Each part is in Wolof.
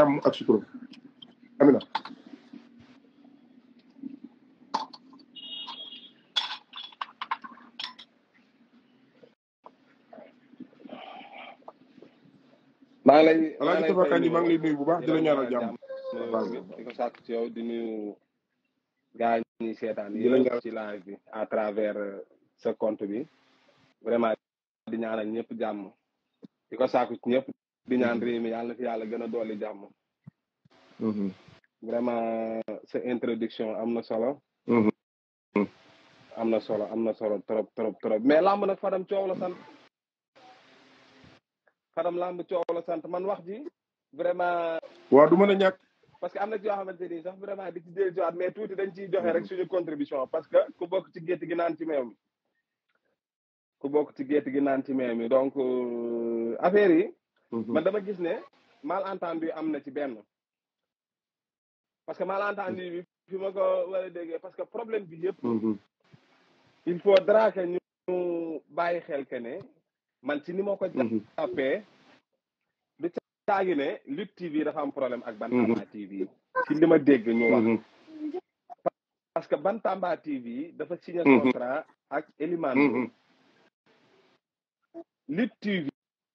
jàmm ak suturam amina maa ngi lay maa ngi lay lay nuyu bu baax di ñaanal iya, jàmm di ko ci yow di nuyu gars ñi seetaan yëpp ci live bi à travers compte bi vraiment di ñaanal di ñaan réew mi yàlla fi yàlla gën a dolli jàmm. Mm-hmm. vraiment sa introduction am na solo. Mm-hmm. am na solo am na solo trop trop trop mais làmb nag Fadam coow la sant. Fadam làmb coow la sant man wax ji vraiment. waaw du mën a ñàkk. parce que am na ci yoo xamante ni sax vraiment di ci mais tuuti dañ ciy joxe rek suñu contribution parce que ku bokk ci gétt gi naan ci meew ku bokk ci gétt gi naan ci meew mi donc euh, affaire yi. Mhm. man dama gis ne malentendu am na ci benn parce que mal entendu bi fi ma ko war a déggee parce que problème bi yépp mhm. il faut que ñu bàyyi xel que ne man ci ni ma ko mhm. jàppee du caagi ne Lutte TV dafa am problème ak ban tamba TV ci li ma dégg ñu wax parce que ban tamba TV dafa signé contrat ak Elimane Lutte TV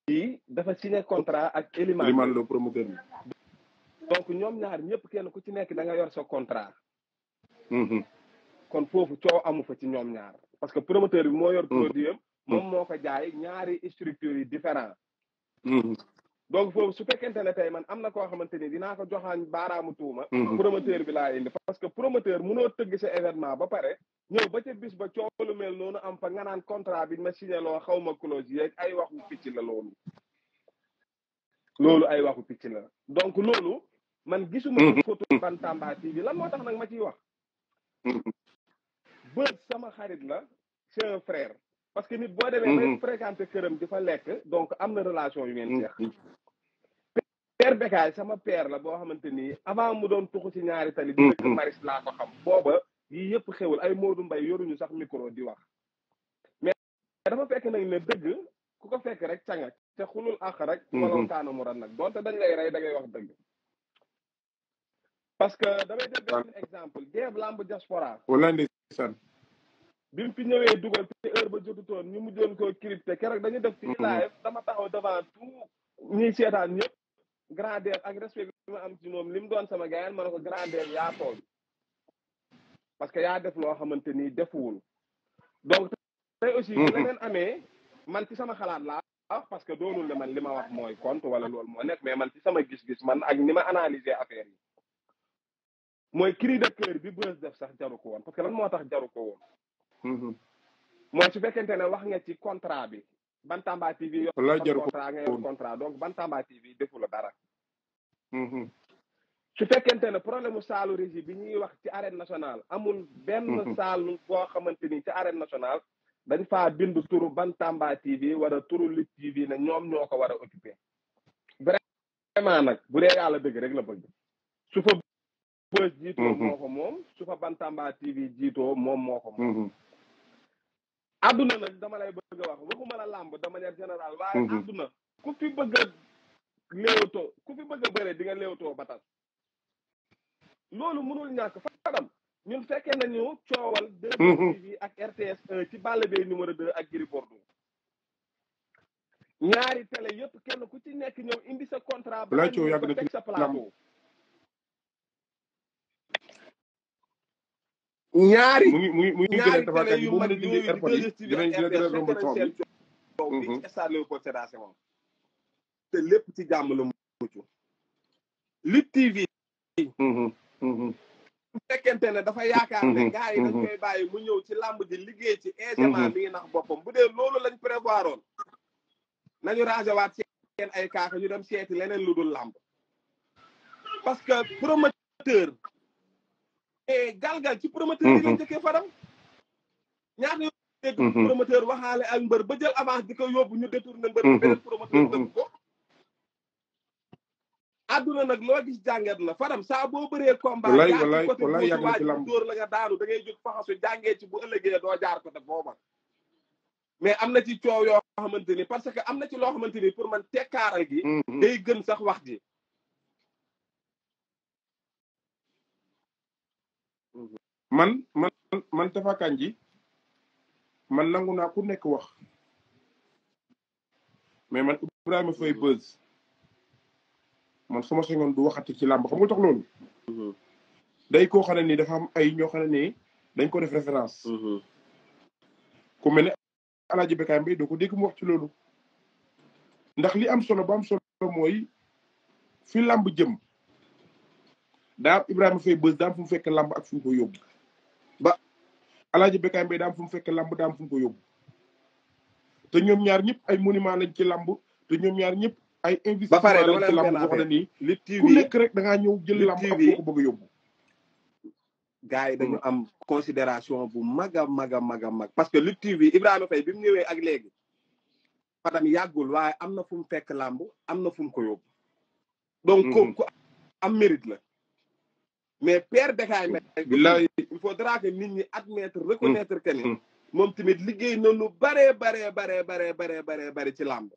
bi dafa signé contrat ak Eliman Eliman Lo promoteur bi donc ñoom ñaar ñëpp kenn ku ci nekk da nga yor sa contrat mhm. kon foofu coow amu fa ci ñoom ñaar parce que promoteur bi moo yor mhm. produit moom moo ko jaay ñaari structures yi différent mhm. donc foofu su fekkente ne tey man am na koo xamante ni dinaa ko joxaañ baaraamu tuuma promoteur bi laa indi parce que promoteur mënoo tëgg sa événement ba pare ñëw ba ca bis ba coow lu mel noonu am fa nga naan contrat bi ma signé loo xaw ma clause yeeg ay waxu picc la loolu loolu ay waxu picc la donc loolu man gisuma ko photo mm-hmm. bantamba tv lan moo tax nag ma ciy wax mm-hmm. beus sama xarit la c'est un frère parce que nit boo demee ba mm-hmm. fréquenté këram di fa lekk donc am na relation yu ngeen jeex père bekaay sama père la boo xamante nii avant mu doon tuxu si ñaari tali di dëkk maris laa ko xam booba yi yëpp xewul ay Modou mbay yoruñu sax micro di wax mais dafa fekk nak ne deug ku ko fekk rek canga te xulul àq rek mhm. waloon kaana mu ran nak donte dañ lay ray dagay wax deug parce que damay def un ah. exemple dev lamb diaspora wala ndeysaan bi mu fi ñëwee duggal ci heure ba jotutoon ñu mujjoon ko crypté kérok dañu def ci mhm. live dama taxaw devant tout ñuy seetaan ñëpp grandeur ak respect bi ma am ci mom lim doon sama gayan ma ko grandeur ya tool parce que yaa def loo xamante ni defuwul donc te aussi mhm. leneen amee man ci sama xalaat laa wax parce que doonul ne man li ma wax mooy compte wala loolu moo nekk mais man ci sama gis-gis man ak ni ma analyser affaire yi mooy cri de cœur bi Beuz def sax jaru ko woon parce que lan moo tax jaru ko woon mhm. mooy su fekkente ne wax nga ci contrat bi ban Bantamba TV yor contrat nga yor contrat donc Bantamba TV defu la dara mhm. su fekkente ne problème saalu régie bi ñuy wax ci arène nationale amul benn mhm. saalu boo xamante ni ci arène nationale dañ faa bind turu tamba tv wala turu lit tv ne ñoom ñoo ko war a occupé vraiment nag bu dee yàlla dëgg rek la bëgg su fa bës jiitoo mhm. moo ko moom su fa tamba tv jiitoo moom moo ko moom aduna mhm. nag dama lay bëgg wax waxuma la lamb de manière générale waaye aduna ku fi bëgg a léewtoo ku fi bëgg a bëre di nga léewtoo batas loolu mënul ñàkk fadam ñun fekkee nañu coowal. 2STV mhm. ak RTS 1 ci Balla Gaye numéro 2 ak Gris Bordeaux. ñaari télé yëpp kenn ku ci nekk ñoom indi sa contrat. balaa coow yàgg na teg sa plateau. ñaari mu ngi mu ngi mu ngi gën a tafaataay bi bu mu dindi airport yi dinañ dina dina romb coow bi. coow bi ci stade Léopold Sédar Senghor. te lépp ci jàmm la mucc. Lutte TV bu mm-hmm. mm-hmm. fekkente ne dafa yaakaar ne mm-hmm. gars yi dañ koy bàyyi mu ñëw ci làmb ji liggéey ci aisément mi ngi nax boppam bu dee loolu lañ prévoir oon nañu rangé waat seen ay kaaka ñu dem seeti leneen lu dul làmb parce que promoteur et galgal ci promoteur yi lañ jëkkee faram ñaata yoon promoteur waxaale ak mbër ba jël avance di ko yóbbu ñu détourné mbër beneen promoteur dëgg ko àdduna nag loo gis jàngat la Fadam saa boo bëree combat jaar côté boobu dóor la nga daanu da ngay jóg faxasu jàngee ci bu ëllëgee doo jaar côté booba mais am na ci coow yoo xamante ni parce que am na ci loo xamante ni pour man tekkaaral gi mm, mm. day gën sax wax ji man man man tafakan ji man nangu naa ku nekk wax mais man Ibrahima Faye Beuz man su ma sañoon du waxati ci làmb xam nga tax loolu. Mm-hmm. day koo xam ne nii dafa am ay ñoo xam ne dañ ko def référence. Mm-hmm. ku mel ne Alaaji Bekaay Mbay doo ko dégg mu wax ci loolu. ndax li am solo ba am solo mooy làmb jëm daa am Ibrahima Faye bës daa am fu mu fekk làmb ak fu mu ko yóbbu. ba Alaaji Bekaay Mbay daa am fu mu fekk làmb daa am fu mu ko yóbbu. te ñoom ñaar ñëpp ay monument lañ ci làmb te ñoom ñaar ñëpp. ay investissement ba pare dama leen wax TV ku nekk rek da ñëw jël lamb am foo ko bëgg yóbbu gars yi dañu mm. am considération bu mag a mag a mag a mag parce que Lutte TV Ibrahima Faye bi mu ñëwee ak léegi Fadam yàggul waaye am na fu mu fekk làmb am na fu mu ko yóbbu donc ku mm-hmm. am mérite la mais père Bécaye Mbaye il faudra que nit ñi admettre mm. reconnaître que ni mm. moom tamit liggéey na lu bare bare baree baree baree baree bare ci làmb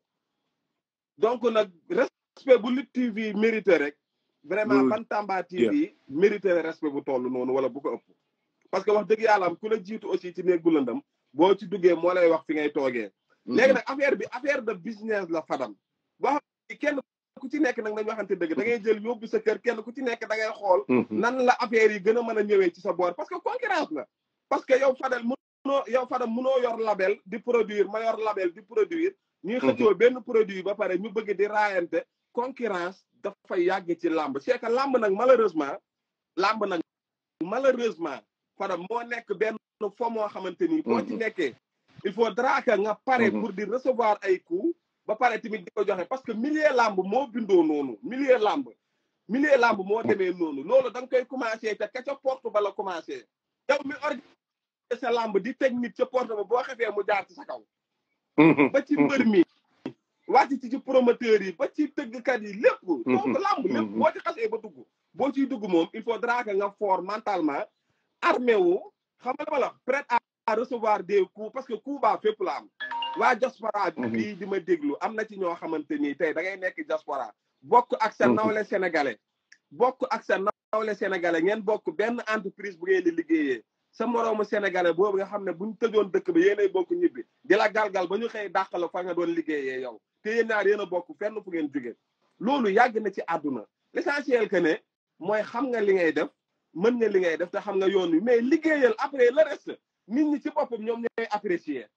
donc nag respect bu Lutte TV mérité rek. vraiment Bantamba TV mérité respect bu toll noonu wala bu ko ëpp. parce que wax dëgg yàlla am ku la jiitu aussi ci néeg bu lëndam boo ci duggee moo lay wax fi ngay toogee. Mhm. léegi nag affaire bi affaire de business la fadam boo kenn ku ci nekk nag nañu waxante dëgg da ngay jël yóbbu sa kër kenn ku ci nekk da ngay xool. Mhm. nan la affaire yi gën a mën a ñëwee ci sa boor parce que concurrence na parce que yow fadal m yow fadam mënoo yor label di produire ma yor label di ñuy mhm. xëccoo benn produit ba pare ñu bëgg di raayante concurrence dafay yàgg ci làmb c'est làmb nag malheureusement làmb nag malheureusement fada moo nekk benn fo moo xamante ni boo ci mhm. nekkee il faudra que nga pare mhm. pour di recevoir ay coups ba pare tamit di ko joxe parce que milieu làmb moo bindoo noonu millier làmb milieu làmb moo demee noonu loolu danga koy commencé ka ca porte ba la commencé yow mi organiser sa làmb di teg nit ca porte ba boo xefee mu jaar ci sa kaw Mm-hmm. ba ci mm-hmm. mbër mi wàcc ci ci promoteur yi ba ci tëggkat yi lépp donc mm-hmm. làmb lépp boo ci xasee ba dugg boo ciy dugg moom il faudra que nga fort mentalement armé wu xam nga ma la prêt à recevoir des coups parce que coup ba fépp la am waa diaspora bi di ma déglu am na ci ñoo xamante nii tey da ngay nekk diaspora bokk ak sa nawle sénégalais bokk ak sa nawle sénégalais ngeen bokk benn entreprise bu ngeen di liggéeyee sa moroomu sénégalais boobu nga xam ne buñ tëjoon dëkk bi yéenay bokk ñibbi di la galgal ba ñu xëy dàq la fa nga doon liggéeyee yow te yéen ñaar yéen a bokk fenn fu ngeen jóge loolu yàgg na ci àdduna l'essentiel que ne mooy xam nga li ngay def mën nga li ngay def te xam nga yoon wi mais liggéeyal après la reste nit ñi ci boppam ñoom ñooy apprécier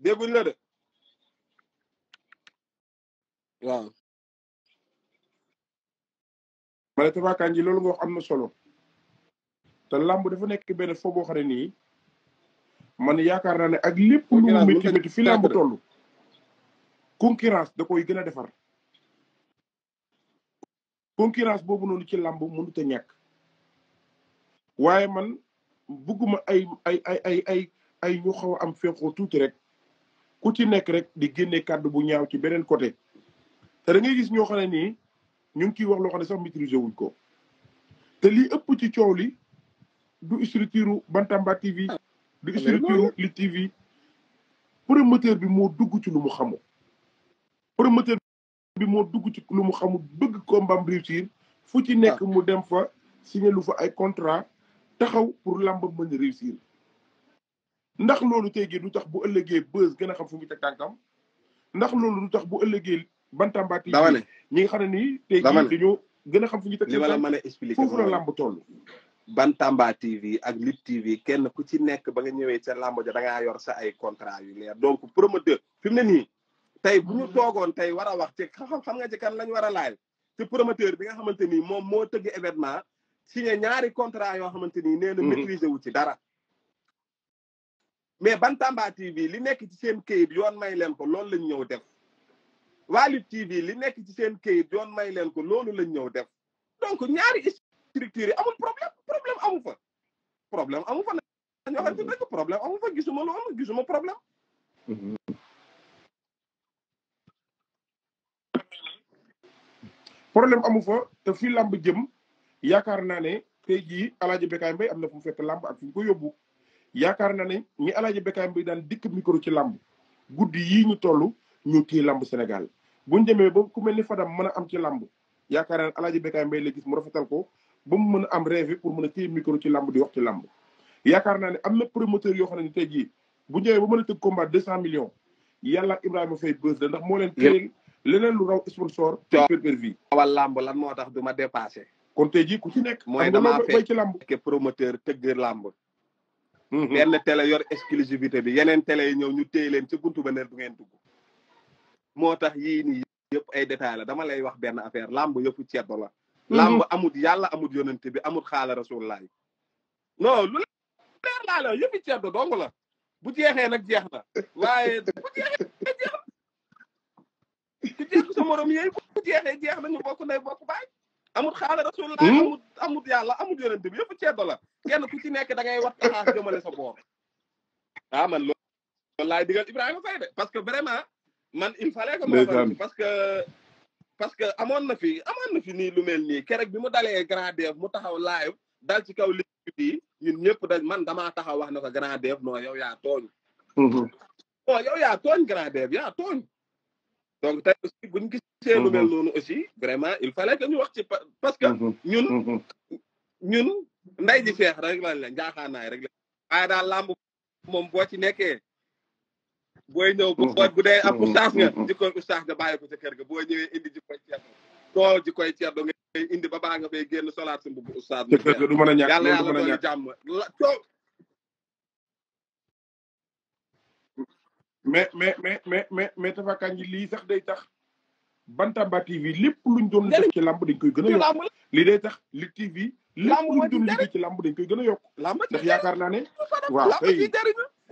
débu la de waaw ma ne tabaakaan ji loolu nga am na solo te làmb dafa nekk benn foo xam ne nii man yaakaar naa ne ak lépp lu métti métti fi làmb toll concurrence da koy gën a defar concurrence boobu noonu ci làmb mënut a ñàkk waaye man bugguma ay ay ay ay ay ñu xaw am fenqoo tuuti rek ku ci nekk rek di génne kàddu bu ñaaw ci beneen côté te da ngay gis ñoo xam ne nii ñu ngi ciy wax loo xam ne sax maîtriser wuñ ko te li ëpp ci coow li du structure Bantamba TV ah, du structure li TV promoteur bi moo dugg ci lu mu xamu promoteur bi moo dugg ci lu mu xamu bëgg kombaam réussir fu ci nekk ah. mu dem fa signé lu fa ay contrat taxaw pour làmb mën a réussir ndax loolu tey jii du tax bu ëllëgee bës gën a xam fu mu teg tànkam ndax loolu du tax bu ëllëgee Bantambaa dama ne ñi nga xam ne nii. tey jii dañoo gën a xam fu ñu. li ma la mën a expliquer foofu la làmb toll. Bantamba TV ak Lutte TV kenn ku ci nekk ba nga ñëwee ca làmb ja da yor sa ay contrat yu leer donc promoteur fi mu ne nii tey bu ñu toogoon tey war a wax ci xam xam nga ci kan lañ war a laaj ci promoteur bi nga xamante ni moom moo tëgg événement signé ñaari contrat yoo xamante ni. nee na mhm. maîtriser wu ci dara. mais Bantamba TV li nekk ci seen kayit yoon may leen ko loolu lañ ñëw def. waa Lutte TV li nekk ci seen këyit yoon may leen ko loolu lañ ñëw def donc ñaari structures yi amul problème problème amu fa problème amu fa nañ waxante dëgg problème amu fa gisuma lu am gisuma problème problème amu fa te fi làmb jëm yaakaar naa ne tey jii alaaji Bécaye Mbaye am na fu mu fekk làmb ak fu mu ko yóbbu yaakaar naa ne ñi alaaji Bécaye Mbaye daan dikk micro ci làmb guddi yii ñu toll ñu kii làmb Sénégal buñ demee ba ku mel ni Fadam mën a am ci lamb yaakaar naa ne Alaaji Bécaye Mbaye la gis mu rafetal ko ba a am rêve pour mën a téye micro ci làmb di wax ci làmb yaakaar naa ne am na promoteur yoo xam ne tey jii bu ñëwee ba mën a tëgg combat deux cent millions yàlla Ibrahima Faye bës la ndax moo leen téyel leneen lu raw sponsor te làmb lan moo tax du ma dépassé jii ku ci nekk mooy dama fekk ci làmb ke promoteur tëgg làmb mhm. benn télé yor exclusivité bi yeneen télé yi ñëw ñu téye leen ci buntu ba ne du ngeen dugg moo tax yii nii yëpp ay détails la dama lay wax benn affaire làmb yëfu ceddo la mhm. làmb amut yàlla amut yonente bi amut xaala rasulullah non lu leer laa la yëfi la bu jeexee nag jeex na waaye bu jeexee jeex na ku na ñu bokk nay bokk baay amut xaala rasulullah mhm. amut amut yàlla amut yonente bi yëfu ceddo la kenn ku ci nekk da ngay wax taxaas jëmale sa boor ah man loolu laay a Ibrahima Faye de parce que vraiment man il fa que ma parce que parce que amoon na fi amoon na fi nii lu mel nii kerek bi mu dalee Grand Yoff mu taxaw live dal ci kaw liggéey bi ñun ñëpp dañ man damaa taxaw wax na ko Grand Yoff non yow yaa tooñ. Mhm. non yow yaa tooñ Grand Yoff yaa tooñ. donc tey aussi buñ gisee lu mel mhm. noonu aussi vraiment il fallait que ñu wax ci parce que. Mhm. ñun ñun nday ji feex rek lañ leen jaaxaan naay rek lañ daal làmb moom boo ci nekkee. booy ñëw bu bu dee a ustaas nga jikkoy ustaas nga bàyyi ko sa kër ga boo ñëwee indi jikkoy ceerno tool jikkoy ceerno nga indi ba baa nga fay génn solaat sa mbubb ustaas nga du mën a ñàkk yàlla yàlla doon jàmm la coow mais mais mais mais mais mais tafakaan yi lii sax day tax Bantamba TV lépp luñ doon def ci làmb dañ koy gën a yokk li day tax li TV lépp luñ doon ci làmb dañ koy gën a yokk ndax yaakaar naa ne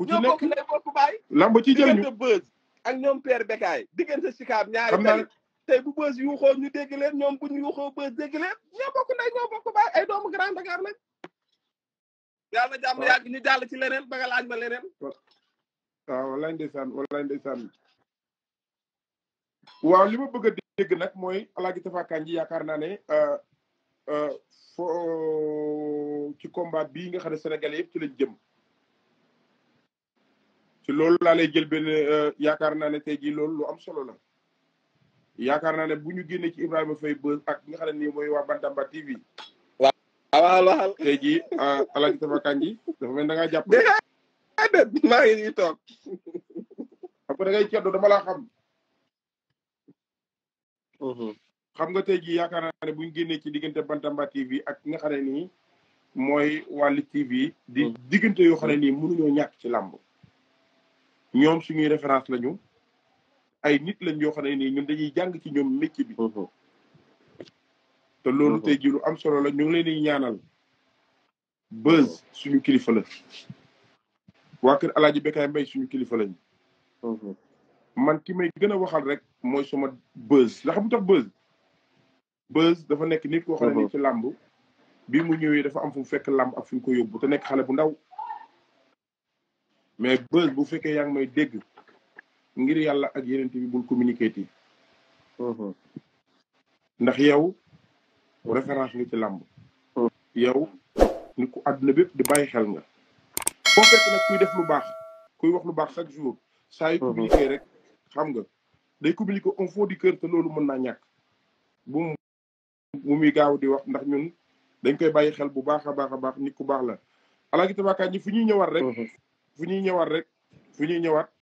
ku ci nekk ñoo bokk lay bokk baay. lamb ci jël ñu diggante Beuz ak ñoom Père Bekaay diggante Sikaab ñaari tey tey bu Beuz yuuxoo ñu dégg leen ñoom bu ñu yuuxoo Beuz dégg leen ñoo bokk nday ñoo bokk baay ay doomu Grand Dakar lañ. yàlla na jàmm yàgg ñu jàll ci leneen ba nga laaj ma leneen. waaw ah, walaay ndeysaan walaay ndeysaan waaw li ma bëgg a dégg nag mooy alaaji Tapha Kandji yaakaar naa ne euh, euh, fo ci combat bii nga xam ne Sénégalais yëpp ci lañ jëm. ci loolu la lay jël benn euh, yaakaar naa ne tey jii loolu lu am solo la yaakaar naa ne bu ñu génnee ci Ibrahima fay Beuz ak nga xam ne nii mooy waa Bantamba TV. waaw waaw waaw. tey jii euh, Alaaji dafa kanji dafa mel da ngaa jàpp. déedéet maa ngi nii toog. xam nga da ngay ceddo dama laa xam. Mhm. xam nga tey jii yaakaar naa ne bu ñu ci diggante Bantamba TV ak nga xam ne nii mooy TV. di mhm. diggante yoo xam ne nii mënuñoo ñàkk ci làmb. ñoom suñuy référence lañu ay nit lañ yoo xam ne nii ñun dañuy jàng ci ñoom métier bi. Mhm. te loolu mhm. tey jii lu am solo la ñu ngi leen di ñaanal. buzz mhm. suñu kilifa la. kër El Hadj Bécaye suñu kilifa lañ. man ki may gën a waxal rek mooy sama buzz la xam tax buzz. buzz dafa nekk nit koo xam ne nii ci làmb. bi mu ñëwee dafa am fu fekk làmb ak fu ñu ko yóbbu te nekk xale bu ndaw. mais buzz bu fekkee yaa ngi may dégg ngir yàlla ak yeneen bi bul communiquer yi mm-hmm. ndax yow mm-hmm. référence nga ci làmb mm-hmm. yow ni ku àdduna bépp di bàyyi xel nga boo fekk nag kuy def lu baax kuy wax lu baax chaque jour saa yu communiquer rek xam nga day communiquer un fond du cœur te loolu mën naa ñàkk bu mu muy gaaw di wax ndax ñun dañ koy bàyyi xel bu baax a baax a baax nit ku baax la alaa gi tabaakaat fi ñuy ñëwaat rek fu ñuy ñëwaat rek fu ñuy ñëwaat